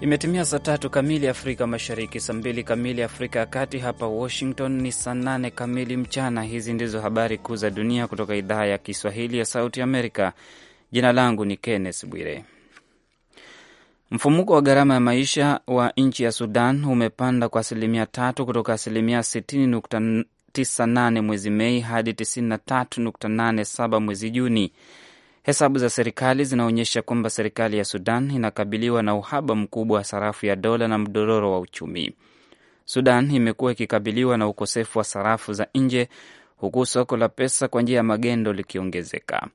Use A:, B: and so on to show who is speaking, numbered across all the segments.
A: Imetimia saa tatu kamili Afrika Mashariki, saa mbili kamili Afrika ya Kati. Hapa Washington ni saa nane kamili mchana. Hizi ndizo habari kuu za dunia kutoka idhaa ya Kiswahili ya Sauti Amerika. Jina langu ni Kenneth Bwire. Mfumuko wa gharama ya maisha wa nchi ya Sudan umepanda kwa asilimia tatu kutoka asilimia 60.98 mwezi Mei hadi 93.87 mwezi Juni. Hesabu za serikali zinaonyesha kwamba serikali ya Sudan inakabiliwa na uhaba mkubwa wa sarafu ya dola na mdororo wa uchumi. Sudan imekuwa ikikabiliwa na ukosefu wa sarafu za nje huku soko la pesa kwa njia ya magendo likiongezeka.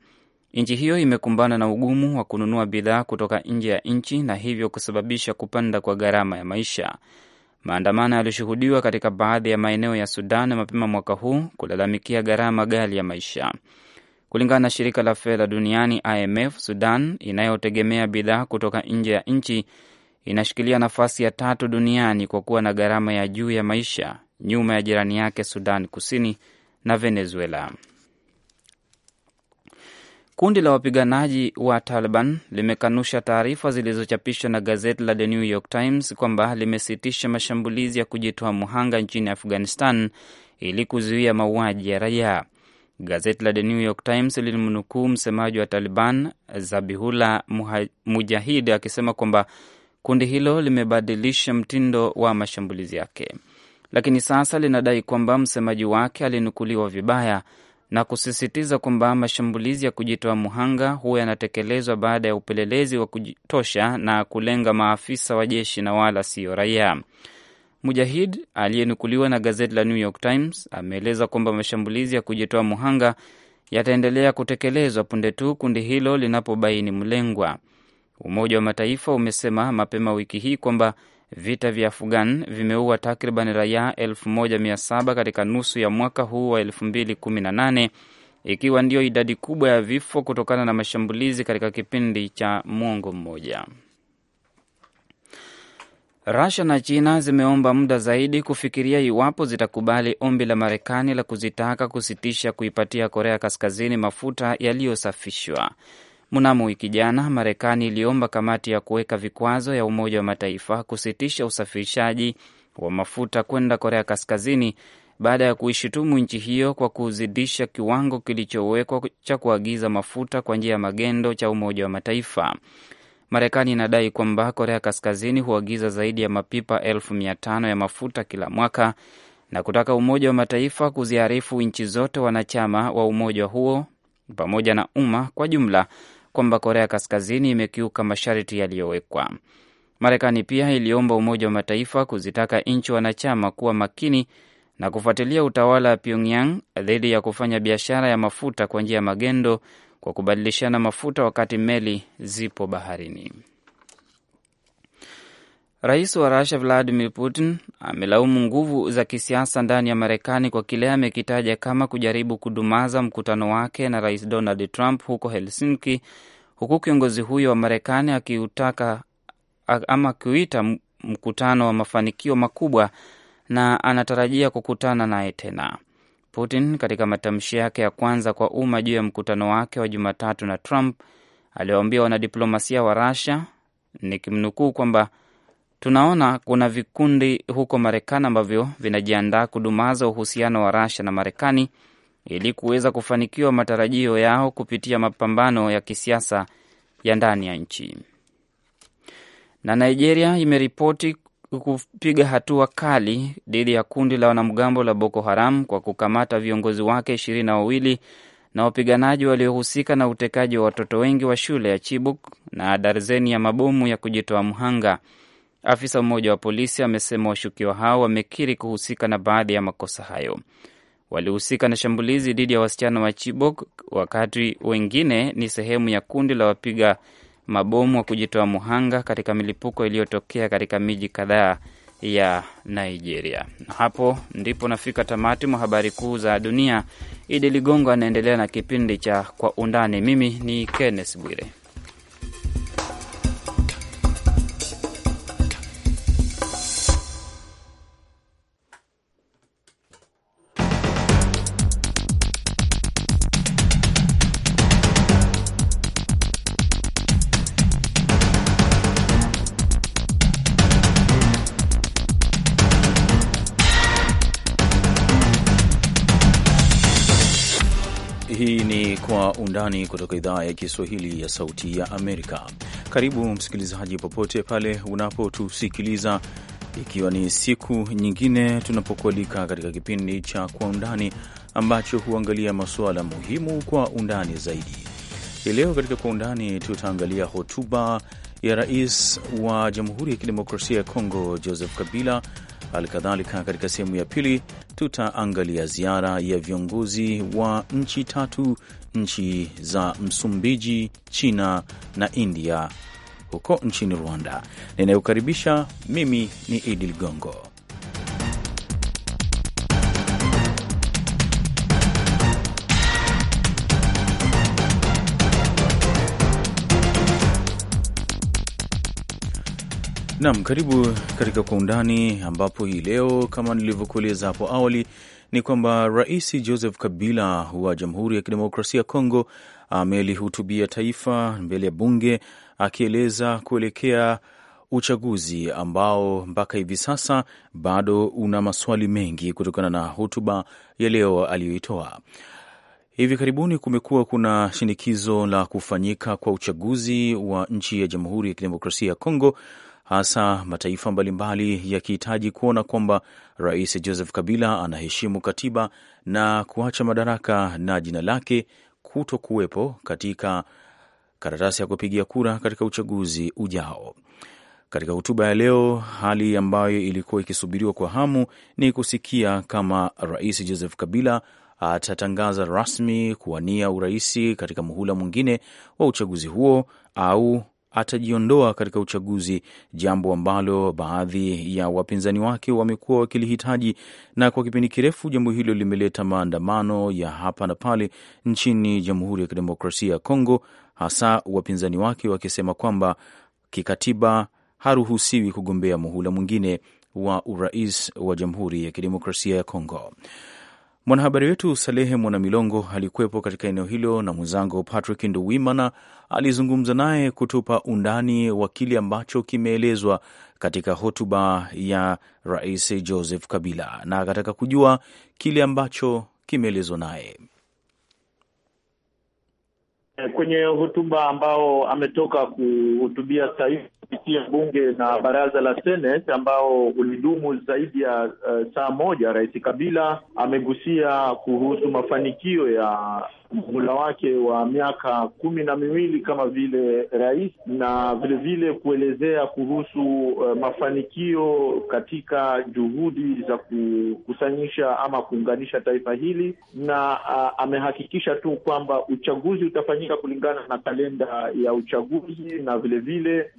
A: Nchi hiyo imekumbana na ugumu wa kununua bidhaa kutoka nje ya nchi na hivyo kusababisha kupanda kwa gharama ya maisha. Maandamano yalishuhudiwa katika baadhi ya maeneo ya Sudan mapema mwaka huu kulalamikia gharama ghali ya maisha. Kulingana na shirika la fedha duniani IMF, Sudan inayotegemea bidhaa kutoka nje ya nchi inashikilia nafasi ya tatu duniani kwa kuwa na gharama ya juu ya maisha, nyuma ya jirani yake Sudan Kusini na Venezuela. Kundi la wapiganaji wa Taliban limekanusha taarifa zilizochapishwa na gazeti la The New York Times kwamba limesitisha mashambulizi ya kujitoa muhanga nchini Afghanistan ili kuzuia mauaji ya raia. Gazeti la The New York Times lilimnukuu msemaji wa Taliban Zabihullah Mujahid akisema kwamba kundi hilo limebadilisha mtindo wa mashambulizi yake, lakini sasa linadai kwamba msemaji wake alinukuliwa vibaya na kusisitiza kwamba mashambulizi ya kujitoa muhanga huwa yanatekelezwa baada ya upelelezi wa kutosha na kulenga maafisa wa jeshi na wala siyo raia. Mujahid aliyenukuliwa na gazeti la New York Times ameeleza kwamba mashambulizi ya kujitoa muhanga yataendelea kutekelezwa punde tu kundi hilo linapobaini mlengwa. Umoja wa Mataifa umesema mapema wiki hii kwamba vita vya Afghan vimeua takriban raia 1700 katika nusu ya mwaka huu wa 2018 ikiwa ndiyo idadi kubwa ya vifo kutokana na mashambulizi katika kipindi cha mwongo mmoja. Russia na China zimeomba muda zaidi kufikiria iwapo zitakubali ombi la Marekani la kuzitaka kusitisha kuipatia Korea Kaskazini mafuta yaliyosafishwa. Mnamo wiki jana, Marekani iliomba kamati ya kuweka vikwazo ya Umoja wa Mataifa kusitisha usafirishaji wa mafuta kwenda Korea Kaskazini baada ya kuishutumu nchi hiyo kwa kuzidisha kiwango kilichowekwa cha kuagiza mafuta kwa njia ya magendo cha Umoja wa Mataifa. Marekani inadai kwamba Korea Kaskazini huagiza zaidi ya mapipa elfu mia tano ya mafuta kila mwaka na kutaka Umoja wa Mataifa kuziarifu nchi zote wanachama wa umoja huo pamoja na umma kwa jumla kwamba Korea Kaskazini imekiuka masharti yaliyowekwa. Marekani pia iliomba Umoja wa Mataifa kuzitaka nchi wanachama kuwa makini na kufuatilia utawala wa Pyongyang dhidi ya kufanya biashara ya mafuta kwa njia ya magendo kwa kubadilishana mafuta wakati meli zipo baharini. Rais wa Rusia Vladimir Putin amelaumu nguvu za kisiasa ndani ya Marekani kwa kile amekitaja kama kujaribu kudumaza mkutano wake na Rais Donald Trump huko Helsinki, huku kiongozi huyo wa Marekani akiutaka ama akiuita mkutano wa mafanikio makubwa na anatarajia kukutana naye tena. Putin katika matamshi yake ya kwanza kwa umma juu ya mkutano wake wa Jumatatu na Trump aliwaambia wanadiplomasia wa ni nikimnukuu kwamba tunaona kuna vikundi huko Marekani ambavyo vinajiandaa kudumaza uhusiano wa Russia na Marekani ili kuweza kufanikiwa matarajio yao kupitia mapambano ya kisiasa ya ndani ya nchi. Na Nigeria imeripoti kupiga hatua kali dhidi ya kundi la wanamgambo la Boko Haram kwa kukamata viongozi wake ishirini na wawili na wapiganaji waliohusika na utekaji wa watoto wengi wa shule ya Chibuk na darzeni ya mabomu ya kujitoa mhanga. Afisa mmoja wa polisi amesema washukiwa hao wamekiri kuhusika na baadhi ya makosa hayo. Walihusika na shambulizi dhidi ya wasichana wa Chibok, wakati wengine ni sehemu ya kundi la wapiga mabomu wa kujitoa muhanga katika milipuko iliyotokea katika miji kadhaa ya Nigeria. Na hapo ndipo nafika tamati mwa habari kuu za dunia. Idi Ligongo anaendelea na kipindi cha Kwa Undani. Mimi ni Kenneth Bwire.
B: undani kutoka idhaa ya Kiswahili ya Sauti ya Amerika. Karibu msikilizaji, popote pale unapotusikiliza, ikiwa ni siku nyingine tunapokualika katika kipindi cha Kwa Undani ambacho huangalia masuala muhimu kwa undani zaidi. Hii leo katika Kwa Undani tutaangalia hotuba ya rais wa Jamhuri ya Kidemokrasia ya Kongo Joseph Kabila Halikadhalika, katika sehemu ya pili tutaangalia ziara ya viongozi wa nchi tatu, nchi za Msumbiji, China na India huko nchini Rwanda. Ninayokaribisha mimi ni Idi Ligongo. Naam, karibu katika Kwa Undani, ambapo hii leo kama nilivyokueleza hapo awali ni kwamba Rais Joseph Kabila wa Jamhuri ya Kidemokrasia ya Kongo amelihutubia taifa mbele ya bunge akieleza kuelekea uchaguzi ambao mpaka hivi sasa bado una maswali mengi kutokana na hotuba ya leo aliyoitoa. Hivi karibuni kumekuwa kuna shinikizo la kufanyika kwa uchaguzi wa nchi ya Jamhuri ya Kidemokrasia ya Kongo hasa mataifa mbalimbali yakihitaji kuona kwamba Rais Joseph Kabila anaheshimu katiba na kuacha madaraka na jina lake kuto kuwepo katika karatasi ya kupigia kura katika uchaguzi ujao. Katika hotuba ya leo, hali ambayo ilikuwa ikisubiriwa kwa hamu ni kusikia kama Rais Joseph Kabila atatangaza rasmi kuwania uraisi katika muhula mwingine wa uchaguzi huo au atajiondoa katika uchaguzi, jambo ambalo baadhi ya wapinzani wake wamekuwa wakilihitaji, na kwa kipindi kirefu jambo hilo limeleta maandamano ya hapa na pale nchini Jamhuri ya Kidemokrasia ya Kongo, hasa wapinzani wake wakisema kwamba kikatiba haruhusiwi kugombea muhula mwingine wa urais wa Jamhuri ya Kidemokrasia ya Kongo. Mwanahabari wetu Salehe Mwanamilongo alikuwepo katika eneo hilo na mwenzangu Patrick Nduwimana alizungumza naye kutupa undani wa kile ambacho kimeelezwa katika hotuba ya Rais Joseph Kabila, na akataka kujua kile ambacho kimeelezwa naye
C: kwenye hotuba ambao ametoka kuhutubia taifa kupitia bunge na baraza la Senate ambao ulidumu zaidi ya uh, saa moja. Rais Kabila amegusia kuhusu mafanikio ya muhula wake wa miaka kumi na miwili kama vile rais na vilevile vile kuelezea kuhusu uh, mafanikio katika juhudi za kukusanyisha ama kuunganisha taifa hili na uh, amehakikisha tu kwamba uchaguzi utafanyika kulingana na kalenda ya uchaguzi na vilevile vile,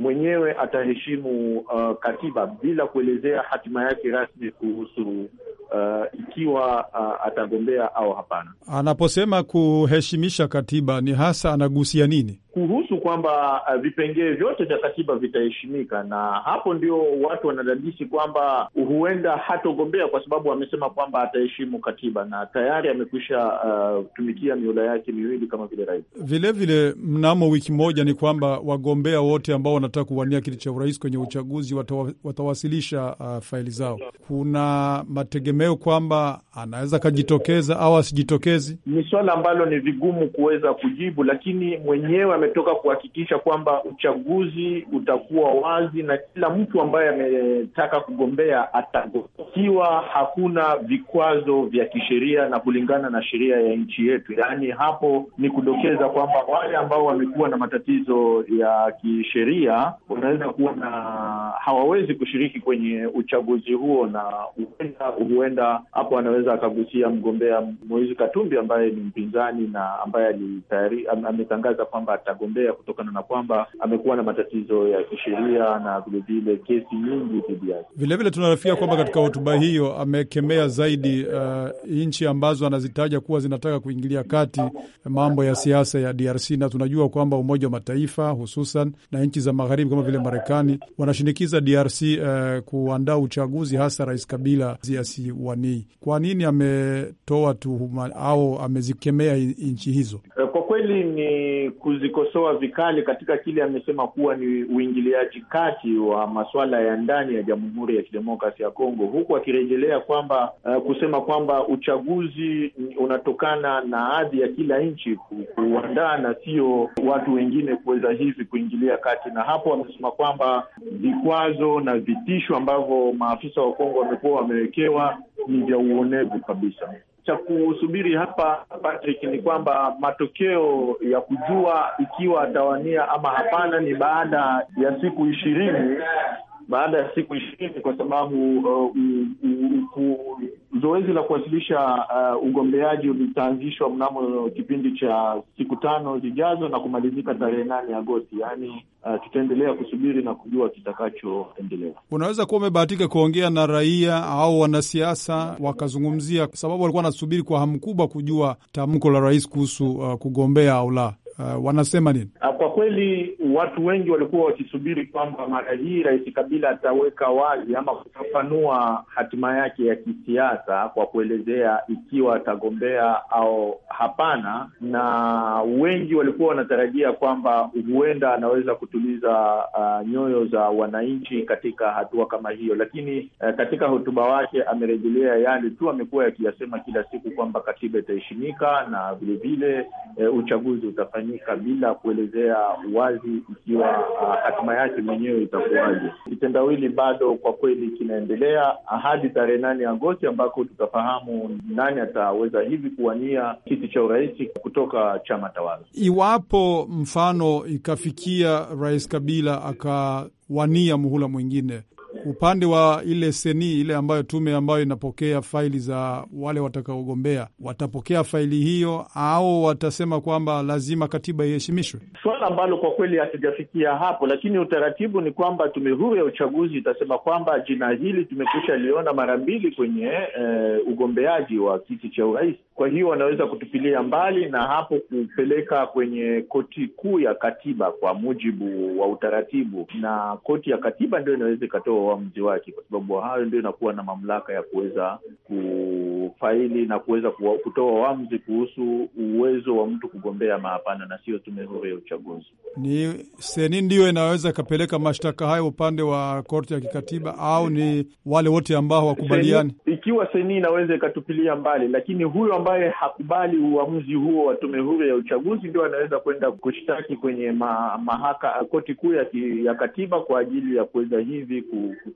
C: mwenyewe ataheshimu uh, katiba bila kuelezea hatima yake rasmi kuhusu uh, ikiwa uh, atagombea au hapana.
D: Anaposema kuheshimisha katiba, ni hasa anagusia nini?
C: Kuhusu kwamba uh, vipengee vyote vya katiba vitaheshimika, na hapo ndio watu wanadadisi kwamba huenda hatogombea kwa sababu amesema kwamba ataheshimu katiba na tayari amekwisha uh, tumikia miula yake miwili kama vile rais.
D: Vilevile mnamo wiki moja ni kwamba wagombea wote ambao wana wanataka kuwania kiti cha urais kwenye uchaguzi watawa, watawasilisha uh, faili zao. Kuna mategemeo kwamba anaweza akajitokeza au asijitokezi. Ni
C: swala ambalo ni vigumu kuweza kujibu, lakini mwenyewe ametoka kuhakikisha kwamba uchaguzi utakuwa wazi na kila mtu ambaye ametaka kugombea atagokiwa. hakuna vikwazo vya kisheria na kulingana na sheria ya nchi yetu. Yaani hapo ni kudokeza kwamba wale ambao wamekuwa na matatizo ya kisheria wanaweza kuwa na hawawezi kushiriki kwenye uchaguzi huo, na huenda huenda hapo anaweza akagusia mgombea moizi Katumbi ambaye ni mpinzani na ambaye alitayari ametangaza kwamba atagombea kutokana na kwamba amekuwa na matatizo ya kisheria na vilevile kesi nyingi dhidi yake.
D: Vilevile tunarafikia kwamba katika hotuba hiyo amekemea zaidi uh, nchi ambazo anazitaja kuwa zinataka kuingilia kati mambo ya siasa ya DRC na tunajua kwamba Umoja wa Mataifa hususan na nchi za magharibi kama vile Marekani wanashinikiza DRC uh, eh, kuandaa uchaguzi, hasa Rais Kabila asiwanii. Kwa nini ametoa tuhuma au amezikemea nchi hizo?
C: Eh, kwa kweli ni kuzikosoa vikali katika kile amesema kuwa ni uingiliaji kati wa masuala ya ndani ya Jamhuri ya Kidemokrasi ya Kongo, huku akirejelea kwamba uh, kusema kwamba uchaguzi unatokana na hadhi ya kila nchi kuandaa na sio watu wengine kuweza hivi kuingilia kati na hapo wamesema kwamba vikwazo na vitisho ambavyo maafisa wa Kongo wamekuwa wamewekewa ni vya uonevu kabisa. Cha kusubiri hapa Patrick ni kwamba matokeo ya kujua ikiwa atawania ama hapana ni baada ya siku ishirini baada ya siku ishirini kwa sababu uh, zoezi la kuwasilisha uh, ugombeaji litaanzishwa mnamo kipindi cha siku tano zijazo na kumalizika tarehe nane Agosti. Yaani uh, tutaendelea kusubiri na kujua kitakachoendelea.
D: Unaweza kuwa umebahatika kuongea na raia au wanasiasa wakazungumzia, kwa sababu walikuwa wanasubiri kwa hamu kubwa kujua tamko la rais kuhusu uh, kugombea au la uh, wanasema nini?
C: Ah, kwa kweli watu wengi walikuwa wakisubiri kwamba mara hii Rais Kabila ataweka wazi ama kufafanua hatima yake ya kisiasa kwa kuelezea ikiwa atagombea au hapana, na wengi walikuwa wanatarajia kwamba huenda anaweza kutuliza uh, nyoyo za wananchi katika hatua kama hiyo, lakini uh, katika hotuba wake amerejelea yale tu amekuwa yakiyasema kila siku kwamba katiba itaheshimika na vilevile uh, eh, uchaguzi utafanyika kufanyika bila kuelezea wazi ikiwa ah, hatima yake mwenyewe itakuwaje. Kitendawili bado kwa kweli kinaendelea hadi tarehe nane Agosti ambako tutafahamu nani ataweza hivi kuwania kiti cha urais kutoka chama tawala.
D: Iwapo mfano ikafikia Rais Kabila akawania muhula mwingine upande wa ile seni ile ambayo tume ambayo inapokea faili za wale watakaogombea, watapokea faili hiyo au watasema kwamba lazima katiba iheshimishwe?
C: Suala ambalo kwa kweli hatujafikia hapo, lakini utaratibu ni kwamba tume huru ya uchaguzi itasema kwamba jina hili tumekwisha liona mara mbili kwenye e, ugombeaji wa kiti cha urais kwa hiyo wanaweza kutupilia mbali na hapo kupeleka kwenye koti kuu ya katiba kwa mujibu wa utaratibu, na koti ya katiba ndio inaweza ikatoa uamuzi wake, kwa sababu hayo ndio inakuwa na mamlaka ya kuweza ku kufaili na kuweza kutoa uamuzi kuhusu uwezo wa mtu kugombea mahapana na sio tume huru ya uchaguzi.
D: Ni seni ndiyo inaweza ikapeleka mashtaka hayo upande wa korti ya kikatiba au ni wale wote ambao hawakubaliani?
C: Ikiwa seni inaweza ikatupilia mbali, lakini huyo ambaye hakubali uamuzi huo wa tume huru ya uchaguzi ndio anaweza kwenda kushtaki kwenye ma, mahaka koti kuu ya, ya katiba kwa ajili ya kuweza hivi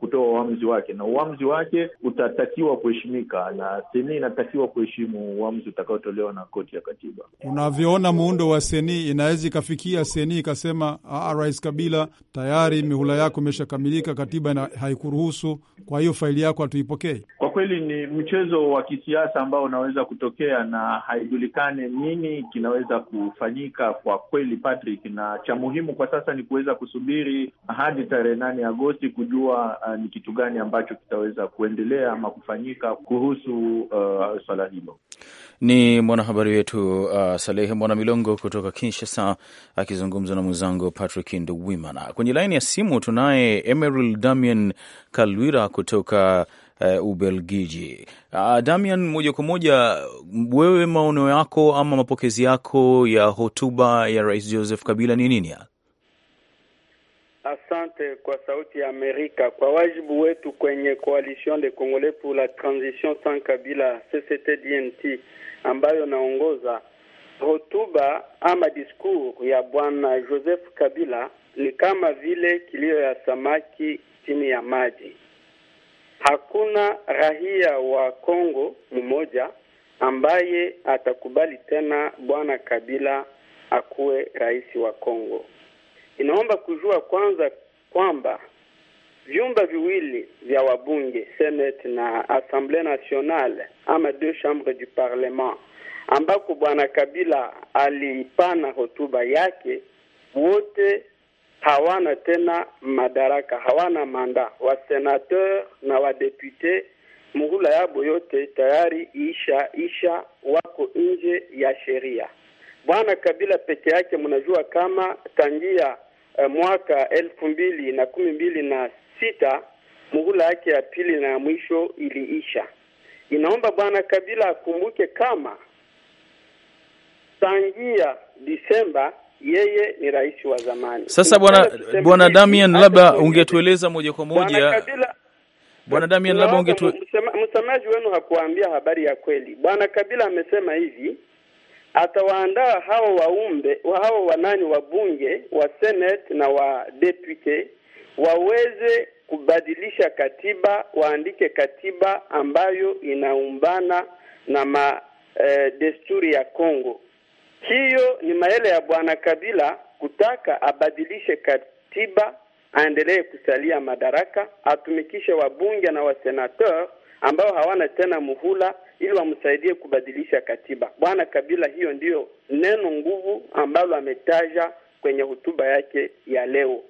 C: kutoa uamuzi wake, na uamuzi wake utatakiwa kuheshimika na seni inatakiwa kuheshimu uamuzi utakaotolewa na koti ya katiba.
D: Unavyoona muundo wa seni inaweza ikafikia seni ikasema ah, ah, Rais Kabila, tayari mihula yako imeshakamilika, katiba haikuruhusu, kwa hiyo faili yako hatuipokei
C: kweli ni mchezo wa kisiasa ambao unaweza kutokea na haijulikane nini kinaweza kufanyika kwa kweli, Patrick, na cha muhimu kwa sasa ni kuweza kusubiri hadi tarehe nane Agosti kujua uh, ni kitu gani ambacho kitaweza kuendelea ama kufanyika kuhusu uh, swala hilo.
B: Ni mwanahabari wetu uh, Salehe Mwana Milongo kutoka Kinshasa akizungumza na mwenzangu Patrick Nduwimana. Kwenye laini ya simu tunaye Emeril Damian Kalwira kutoka uh, Ubelgiji. Uh, Damian, moja kwa moja, wewe maono yako ama mapokezi yako ya hotuba ya Rais Joseph Kabila ni nini?
E: Asante kwa Sauti ya Amerika. Kwa wajibu wetu kwenye Coalition de Congolais pour la Transition sans Kabila CCT-DNT ambayo naongoza, hotuba ama discours ya bwana Joseph Kabila ni kama vile kilio ya samaki chini ya maji. Hakuna raia wa Kongo mmoja ambaye atakubali tena bwana Kabila akuwe rais wa Kongo. Inaomba kujua kwanza kwamba vyumba viwili vya wabunge Senate na Assemblée Nationale ama deux chambres du parlement ambako bwana Kabila alipana hotuba yake, wote hawana tena madaraka, hawana manda. wa senateur na wadepute muhula yabo yote tayari isha isha, wako nje ya sheria. Bwana Kabila peke yake, mnajua kama tangia eh, mwaka elfu mbili na kumi mbili na sita muhula yake ya pili na ya mwisho iliisha. Inaomba Bwana Kabila akumbuke kama tangia Disemba yeye ni rais wa zamani. Sasa bwana bwana Damian, labda ungetueleza
B: moja kwa moja bwana Damian, labda ungetueleza.
E: Msemaji wenu hakuambia habari ya kweli. Bwana Kabila amesema hivi atawaandaa hao waumbe hao wanani wa bunge wa senate na wa deputy waweze kubadilisha katiba, waandike katiba ambayo inaumbana na ma, eh, desturi ya Kongo hiyo ni maele ya bwana Kabila kutaka abadilishe katiba, aendelee kusalia madaraka, atumikishe wabunge na wasenateur ambao hawana tena muhula ili wamsaidie kubadilisha katiba. Bwana Kabila, hiyo ndiyo neno nguvu ambalo ametaja kwenye hotuba yake ya leo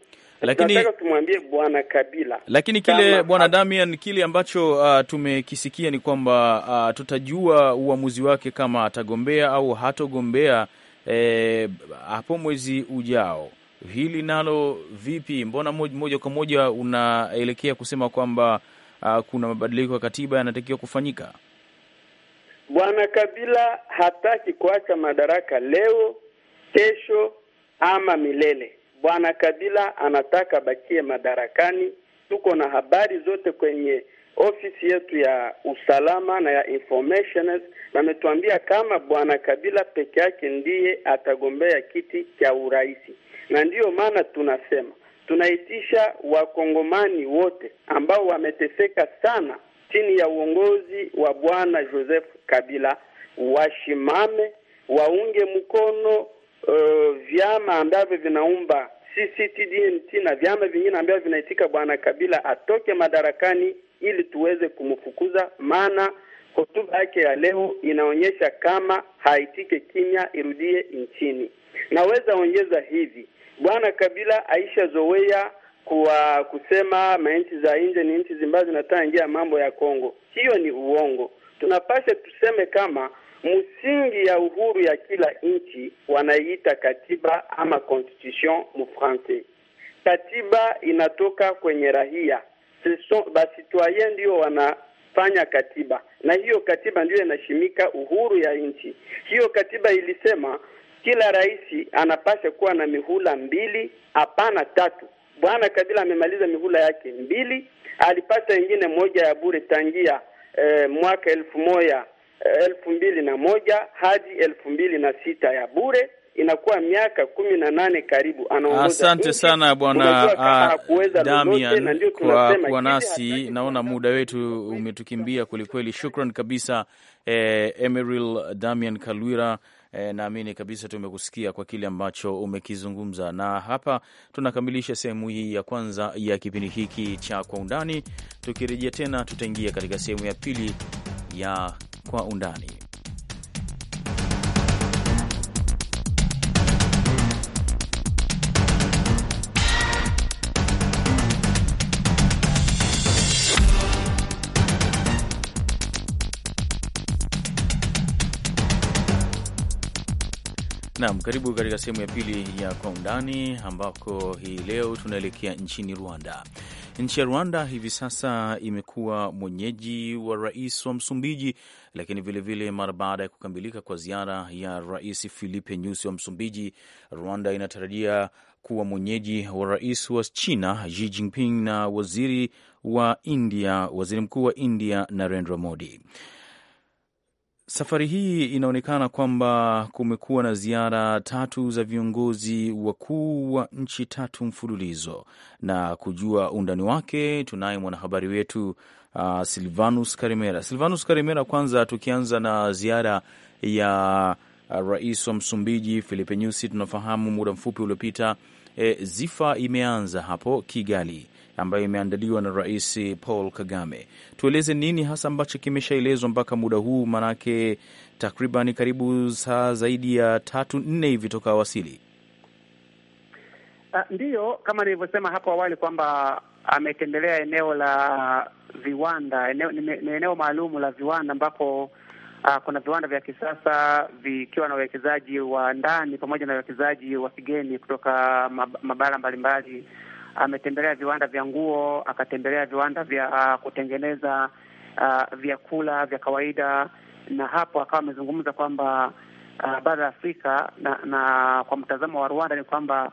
E: lakini nataka tumwambie bwana Kabila. Lakini kile bwana
B: Damian, kile ambacho uh, tumekisikia ni kwamba uh, tutajua uamuzi wake kama atagombea au hatogombea eh, hapo mwezi ujao. Hili nalo vipi? Mbona moja kwa moja unaelekea kusema kwamba uh, kuna mabadiliko ya katiba yanatakiwa kufanyika?
E: Bwana Kabila hataki kuacha madaraka leo, kesho ama milele. Bwana Kabila anataka bakie madarakani. Tuko na habari zote kwenye ofisi yetu ya usalama na ya information, ametuambia kama Bwana Kabila peke yake ndiye atagombea kiti cha urais, na ndiyo maana tunasema tunaitisha wakongomani wote ambao wameteseka sana chini ya uongozi wa Bwana Joseph Kabila washimame, waunge mkono uh, vyama ambavyo vinaumba sisi na vyama vingine ambavyo vinaitika bwana Kabila atoke madarakani ili tuweze kumfukuza, maana hotuba yake ya leo inaonyesha kama haitike kimya, irudie nchini. Naweza ongeza hivi, bwana Kabila aisha zoea kuwa kusema manchi za nje ni nchi ambazo zinataka ingia mambo ya Kongo. Hiyo ni uongo. Tunapasha tuseme kama msingi ya uhuru ya kila nchi wanaiita katiba ama constitution mufrancais. Katiba inatoka kwenye rahia, basitwayen ndio wanafanya katiba, na hiyo katiba ndiyo inashimika uhuru ya nchi. Hiyo katiba ilisema kila rais anapasha kuwa na mihula mbili, hapana tatu. Bwana Kabila amemaliza mihula yake mbili, alipata ingine moja ya bure tangia eh, mwaka elfu moja elfu mbili na moja hadi elfu mbili na sita ya bure inakuwa miaka kumi na nane karibu anaongoza. Asante sana bwana ah, Damian kwa kuwa nasi.
B: Naona muda wetu umetukimbia kwelikweli. Shukran kabisa eh, Emeril Damian Kalwira. Eh, naamini kabisa tumekusikia kwa kile ambacho umekizungumza, na hapa tunakamilisha sehemu hii ya kwanza ya kipindi hiki cha Kwa Undani. Tukirejea tena, tutaingia katika sehemu ya pili ya Kwa Undani. Naam, karibu katika sehemu ya pili ya Kwa Undani, ambako hii leo tunaelekea nchini Rwanda. Nchi ya Rwanda hivi sasa imekuwa mwenyeji wa rais wa Msumbiji, lakini vilevile mara baada ya kukamilika kwa ziara ya Rais Filipe Nyusi wa Msumbiji, Rwanda inatarajia kuwa mwenyeji wa rais wa China Xi Jinping na waziri wa India, waziri mkuu wa India Narendra Modi. Safari hii inaonekana kwamba kumekuwa na ziara tatu za viongozi wakuu wa nchi tatu mfululizo, na kujua undani wake tunaye mwanahabari wetu uh, Silvanus Karimera. Silvanus Karimera, kwanza tukianza na ziara ya uh, rais wa Msumbiji Filipe Nyusi, tunafahamu muda mfupi uliopita, e, Zifa imeanza hapo Kigali ambayo imeandaliwa na Rais Paul Kagame. Tueleze nini hasa ambacho kimeshaelezwa mpaka muda huu, manake takriban karibu saa zaidi ya tatu nne hivi toka wasili.
F: Uh, ah, ndiyo kama nilivyosema hapo awali kwamba ametembelea eneo la viwanda eneo, ni eneo maalum la viwanda ambapo uh, kuna viwanda vya kisasa vikiwa na wawekezaji wa ndani pamoja na wawekezaji wa kigeni kutoka mabara mbalimbali mbali ametembelea viwanda vya nguo, akatembelea viwanda vya uh, kutengeneza uh, vyakula vya kawaida, na hapo akawa amezungumza kwamba uh, bara la Afrika na, na kwa mtazamo wa Rwanda ni kwamba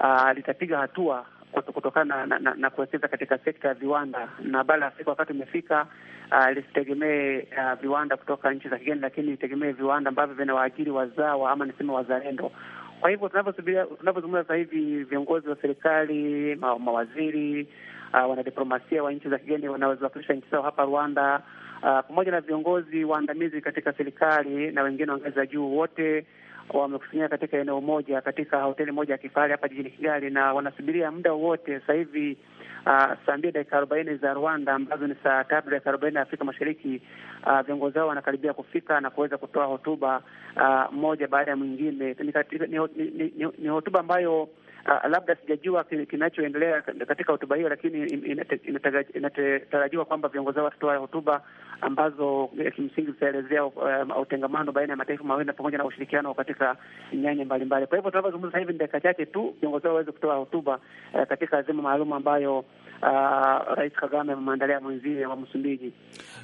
F: uh, litapiga hatua kutokana na, na, na, kuwekeza katika sekta ya viwanda na bara la Afrika wakati umefika, uh, lisitegemee uh, viwanda kutoka nchi za kigeni, lakini litegemee viwanda ambavyo vinawaajiri wazawa ama niseme wazalendo. Kwa hivyo tunavyozungumza sasa hivi, viongozi wa serikali, ma, mawaziri, uh, wanadiplomasia wa nchi za kigeni wanawakilisha nchi zao hapa Rwanda, uh, pamoja na viongozi waandamizi katika serikali na wengine wa ngazi za juu, wote wamekusanyika katika eneo moja katika hoteli moja ya kifahari hapa jijini Kigali, na wanasubiria muda wowote. Sasa hivi uh, saa mbili dakika arobaini za Rwanda ambazo ni saa tatu dakika arobaini ya Afrika Mashariki, uh, viongozi hao wanakaribia kufika na kuweza kutoa hotuba uh, moja baada ya mwingine. Ni, ni, ni, ni, ni hotuba ambayo Uh, labda sijajua kinachoendelea katika hotuba hiyo, lakini inatarajiwa kwamba viongozi hao watatoa hotuba ambazo eh, kimsingi zitaelezea um, utengamano baina ya mataifa mawili pamoja na ushirikiano katika nyanja mbalimbali. Kwa hivyo tunavyozungumza sasa hivi dakika chache tu viongozi hao waweze kutoa hotuba uh, katika azima maalum ambayo uh, Rais Kagame ameandalia mwenzie wa Msumbiji.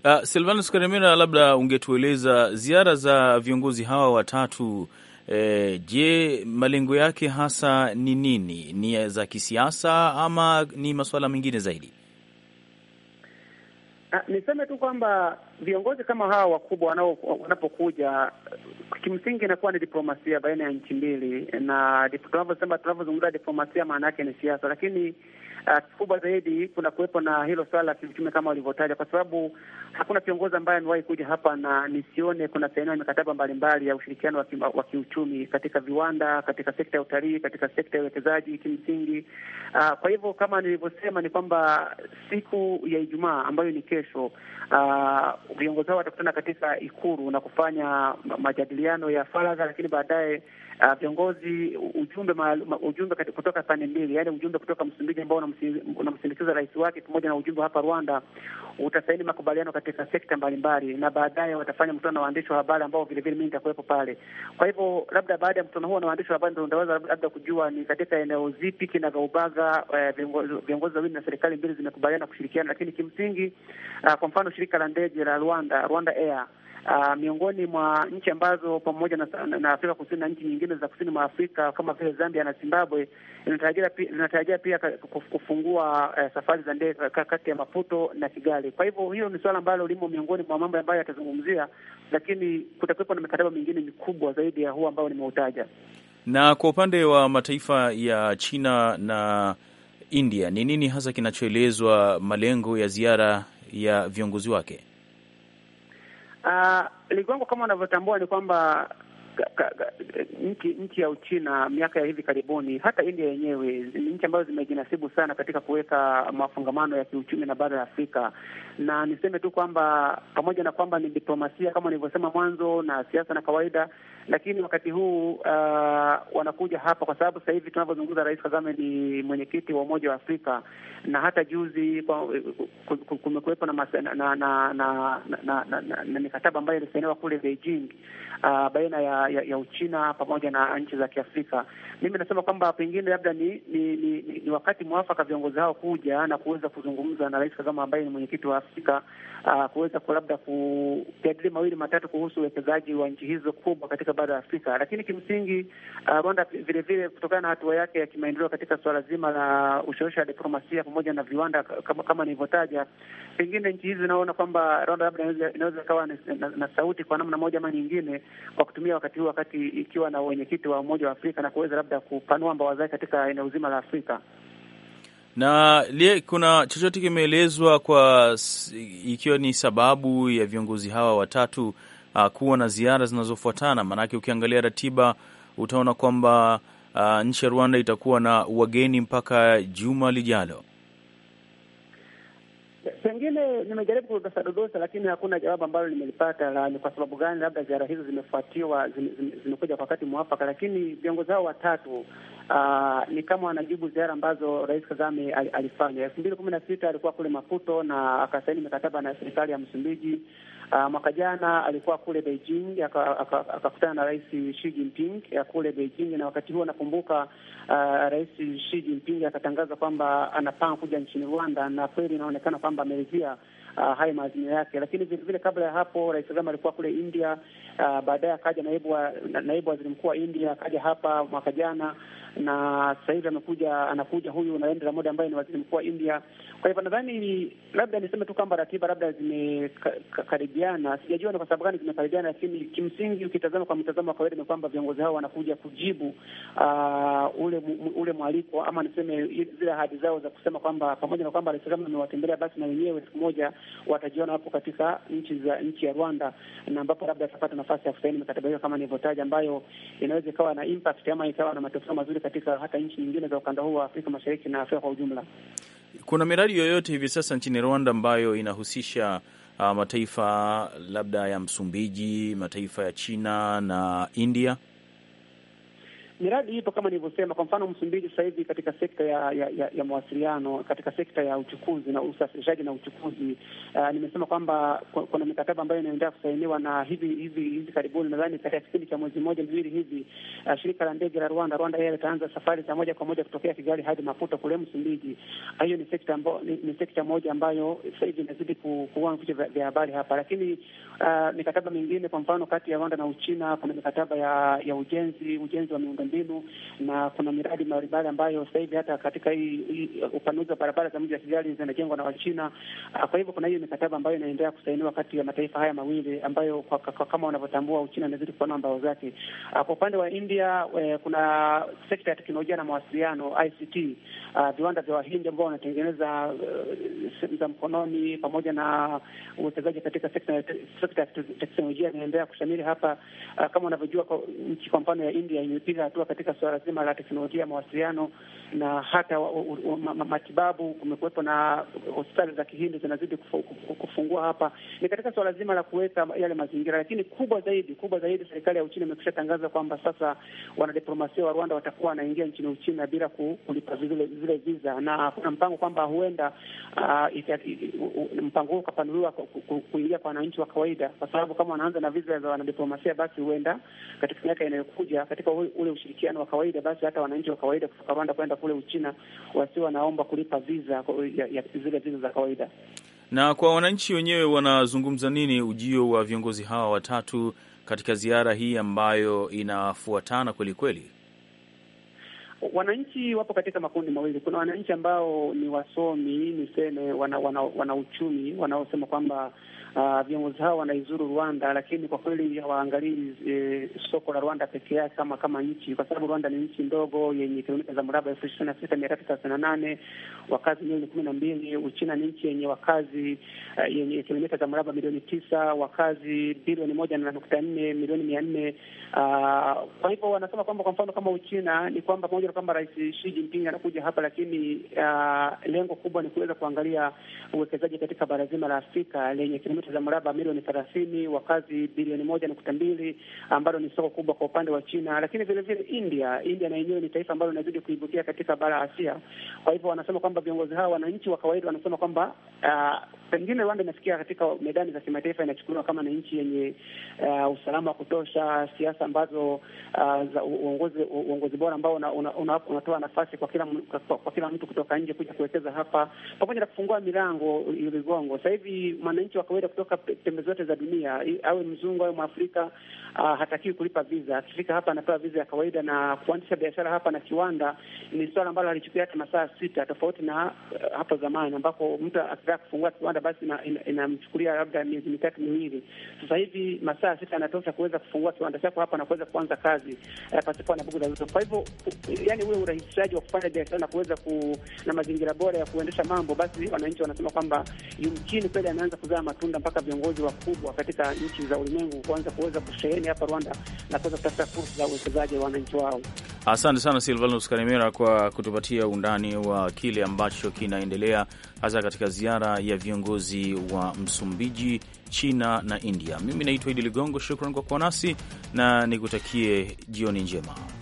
B: Uh, Silvanus Karemera, labda ungetueleza ziara za viongozi hawa watatu E, je, malengo yake hasa ni nini? Ni za kisiasa ama ni masuala mengine zaidi?
F: Ah, niseme tu kwamba viongozi kama hawa wakubwa wanapokuja, kimsingi inakuwa ni diplomasia baina ya nchi mbili, na tunavyosema, tunavyozungumza diplomasia, maana yake ni siasa, lakini Kikubwa ah, zaidi kuna kuwepo na hilo swala la kiuchumi kama walivyotaja, kwa sababu hakuna kiongozi ambaye amewahi kuja hapa na nisione kuna sainiwa mikataba mbalimbali ya ushirikiano wa kiuchumi katika viwanda, katika sekta ya utalii, katika sekta ya uwekezaji kimsingi. Uh, kwa hivyo kama nilivyosema ni kwamba siku ya Ijumaa ambayo ni kesho, ah, viongozi uh, hao watakutana katika Ikuru na kufanya majadiliano ya faragha, lakini baadaye Ah, viongozi ujumbe maalum, ujumbe kutoka pande mbili, yaani ujumbe kutoka Msumbiji ambao unamsindikiza rais wake pamoja na ujumbe hapa Rwanda utasaini makubaliano katika sekta mbalimbali, na baadaye watafanya mkutano na waandishi wa habari ambao vile mimi nitakuwepo pale. Kwa hivyo labda baada ya mkutano huo na waandishi wa habari ndio ndaweza labda kujua ni katika eneo zipi kinagaubaga eh, viongozi wawili na serikali mbili zimekubaliana kushirikiana, lakini kimsingi, uh, kwa mfano shirika la ndege la Rwanda, Rwanda Air Uh, miongoni mwa nchi ambazo pamoja na, na Afrika Kusini na nchi nyingine za kusini mwa Afrika kama vile Zambia na Zimbabwe inatarajia pia kufungua uh, safari za ndege kati ya Maputo na Kigali. Kwa hivyo hilo ni suala ambalo limo miongoni mwa mambo ambayo yatazungumzia, lakini kutakuwepo na mikataba mingine mikubwa zaidi ya huu ambao nimeutaja.
B: Na kwa upande wa mataifa ya China na India, ni nini hasa kinachoelezwa malengo ya ziara ya viongozi wake?
F: Uh, Ligongo, kama unavyotambua ni kwamba nchi nchi ya Uchina miaka ya hivi karibuni, hata India yenyewe ni nchi ambazo zimejinasibu sana katika kuweka mafungamano ya kiuchumi na bara la Afrika, na niseme tu kwamba pamoja na kwamba ni diplomasia kama nilivyosema mwanzo na siasa na kawaida, lakini wakati huu uh, wanakuja hapa kwa sababu sasa hivi tunavyozungumza, Rais Kagame ni mwenyekiti wa Umoja wa Afrika, na hata juzi kumekuwepo na na, na, na, na, na, na, na, na mikataba ambayo ilisainiwa kule Beijing uh, baina ya, ya, ya Uchina pamoja na nchi za Kiafrika. Mimi nasema kwamba pengine labda ni, ni, ni, ni ni wakati mwafaka viongozi hao kuja na kuweza kuzungumza na Rais Kagame ambaye ni mwenyekiti wa Afrika. Afrika uh, kuweza labda kujadili mawili matatu kuhusu uwekezaji wa nchi hizo kubwa katika bara la Afrika. Lakini kimsingi uh, Rwanda vilevile kutokana na hatua yake ya kimaendeleo katika suala zima la ushawishi wa diplomasia pamoja na viwanda kama, kama nilivyotaja, pengine nchi hizi zinaona kwamba Rwanda labda inaweza ikawa na, na, na sauti kwa namna moja ama nyingine kwa kutumia wakati huu, wakati ikiwa na wenyekiti wa Umoja wa Afrika na kuweza labda kupanua mbawa zake katika eneo zima la Afrika
B: na lie, kuna chochote kimeelezwa kwa ikiwa ni sababu ya viongozi hawa watatu uh, kuwa na ziara zinazofuatana? Maanake ukiangalia ratiba utaona kwamba uh, nchi ya Rwanda itakuwa na wageni mpaka juma lijalo.
F: Pengine nimejaribu kudodosa dodosa, lakini hakuna jawabu ambalo nimelipata la ni kwa sababu gani labda ziara hizo zimefuatiwa, zimekuja kwa wakati mwafaka. Lakini viongozi hao watatu uh, ni kama wanajibu ziara ambazo Rais Kagame alifanya elfu mbili kumi na sita alikuwa kule Maputo na akasaini mikataba na serikali ya Msumbiji. Uh, mwaka jana alikuwa kule Beijing akakutana na Rais Xi Jinping ya kule Beijing, na wakati huo nakumbuka uh, Rais Xi Jinping akatangaza kwamba anapanga kuja nchini Rwanda, na kweli inaonekana kwamba ameridhia uh, hayo maazimio yake. Lakini vilevile kabla ya hapo Rais Kagame alikuwa kule India, uh, baadaye akaja naibu wa, naibu waziri mkuu wa India akaja hapa mwaka jana na sasa hivi amekuja anakuja huyu Narendra Modi ambaye ni waziri mkuu wa India. Kwa hivyo nadhani labda niseme tu kwamba ratiba labda zimekaribiana, sijajua ni kwa sababu gani zimekaribiana, lakini kimsingi ukitazama kwa mtazamo wa kawaida ni kwamba viongozi hao wanakuja kujibu uh, ule ule mwaliko ama niseme zile ahadi zao za kusema kwamba pamoja na kwamba rais kama amewatembelea basi na wenyewe siku moja watajiona hapo katika nchi za nchi ya Rwanda, na ambapo labda atapata nafasi ya kusaini mikataba hiyo kama nilivyotaja, ambayo inaweza ikawa na impact ama ikawa na matokeo mazuri katika hata nchi nyingine za ukanda huu wa Afrika Mashariki na Afrika kwa ujumla.
B: Kuna miradi yoyote hivi sasa nchini Rwanda ambayo inahusisha uh, mataifa labda ya Msumbiji, mataifa ya China na India?
F: miradi ipo kama nilivyosema. Kwa mfano Msumbiji sasa hivi katika sekta ya, ya, ya, ya mawasiliano, katika sekta ya uchukuzi na usafirishaji na uchukuzi uh, nimesema kwamba kuna mikataba ambayo inaendelea kusainiwa na hivi hivi hivi karibuni, nadhani katika kipindi cha mwezi mmoja miwili hivi uh, shirika la ndege la Rwanda Rwanda Air itaanza safari za moja kwa moja kutokea Kigali hadi Maputo kule Msumbiji. Ah, hiyo ni sekta ambayo ni, ni sekta moja ambayo sasa hivi inazidi kuwa vichwa vya habari hapa, lakini uh, mikataba mingine, kwa mfano kati ya Rwanda na Uchina kuna mikataba ya ya ujenzi ujenzi wa miundombinu na kuna miradi mbalimbali ambayo sasa hivi hata katika hii upanuzi wa barabara za mji wa Kigali zinajengwa na Wachina. Uh, kwa hivyo kuna hiyo mikataba ambayo inaendelea kusainiwa kati ya mataifa haya mawili ambayo kwa, kwa, kwa, kama wanavyotambua Uchina inazidi kupanua mbao zake. Uh, kwa upande wa India uh, kuna sekta ya teknolojia na mawasiliano ICT, uh, viwanda vya Wahindi ambao wanatengeneza uh, simu za mkononi pamoja na uwekezaji katika sekta sekta ya teknolojia inaendelea kushamiri hapa. Uh, kama unavyojua nchi kwa mfano ya India imepiga hatua katika suala zima la teknolojia ya mawasiliano na hata wa, u, u, ma, matibabu. Kumekuwepo na hospitali za Kihindi zinazidi kufu, kufungua hapa, ni katika suala zima la kuweka yale mazingira. Lakini kubwa zaidi, kubwa zaidi, serikali ya Uchina imekwisha tangaza kwamba sasa wanadiplomasia wa Rwanda watakuwa wanaingia nchini Uchina bila kulipa zile, zile visa, na kuna mpango kwamba huenda uh, mpango huo ukapanuliwa kuingia kwa wananchi wa kawaida shida, kwa sababu kama wanaanza na viza za wanadiplomasia, basi huenda katika miaka inayokuja katika ule ushirikiano wa kawaida, basi hata wananchi wa kawaida kutoka Rwanda kwenda kule Uchina wasio wanaomba kulipa visa ya, ya zile viza za kawaida.
B: Na kwa wananchi wenyewe wanazungumza nini ujio wa viongozi hawa watatu katika ziara hii ambayo inafuatana kweli kweli?
F: Wananchi wapo katika makundi mawili. Kuna wananchi ambao ni wasomi, niseme wana, wana, wana uchumi wanaosema kwamba uh, viongozi hao wanaizuru Rwanda, lakini kwa kweli hawaangalii e, soko la Rwanda peke yake kama kama nchi, kwa sababu Rwanda ni nchi ndogo yenye kilomita za mraba elfu ishirini na sita mia tatu thelathini na nane wakazi milioni kumi na mbili. Uchina ni nchi yenye wakazi uh, yenye kilomita za mraba milioni tisa wakazi bilioni moja na nukta nne milioni mia nne. Uh, kwa hivyo wanasema kwamba kwa mfano kama Uchina ni kwamba pamoja na kwamba Rais Xi Jinping anakuja hapa, lakini uh, lengo kubwa ni kuweza kuangalia uwekezaji katika bara zima la Afrika lenye kilomita za mraba milioni thelathini, wakazi bilioni moja nukta mbili, ambalo ni soko kubwa kwa upande wa China, lakini vile vile India. India na yenyewe ni taifa ambalo inazidi kuibukia katika bara Asia. Kwa hivyo wanasema kwamba viongozi hawa, wananchi wa kawaida wanasema kwamba uh, pengine Rwanda inafikia katika medani za kimataifa, inachukuliwa kama ni nchi yenye uh, usalama wa kutosha, siasa ambazo uh, za uongozi uongozi bora ambao unatoa una, una nafasi kwa kila kwa, kwa kila mtu kutoka nje kuja kuwekeza hapa, pamoja na kufungua milango iligongo. Sasa hivi mwananchi wa kawaida kutoka pembe zote za dunia, awe mzungu awe Mwafrika, uh, hatakiwi kulipa viza. Akifika hapa anapewa viza ya kawaida, na kuanzisha biashara hapa na kiwanda ni swala ambalo alichukua hata masaa sita, tofauti na uh, hapo zamani ambapo mtu akitaka kufungua kiwanda labda basi inamchukulia ina labda miezi mitatu miwili. Sasa hivi masaa sita yanatosha kuweza kufungua kiwanda chako hapa na kuweza kuanza kazi uh, pasipo na bughudha zozote. Kwa hivyo, yani ule urahisishaji wa kufanya biashara na kuweza ku na mazingira bora ya kuendesha mambo, basi wananchi wanasema kwamba yumkini kweli anaanza kuzaa matunda mpaka viongozi wakubwa katika nchi za ulimwengu kuanza kuweza kusheheni hapa Rwanda na kuweza kutafuta fursa za uwekezaji wa wananchi wao.
B: Asante sana Silvanus Karimera kwa kutupatia undani wa kile ambacho kinaendelea hasa katika ziara ya viongozi wa Msumbiji, China na India. Mimi naitwa Idi Ligongo, shukran kwa kuwa nasi na nikutakie jioni njema.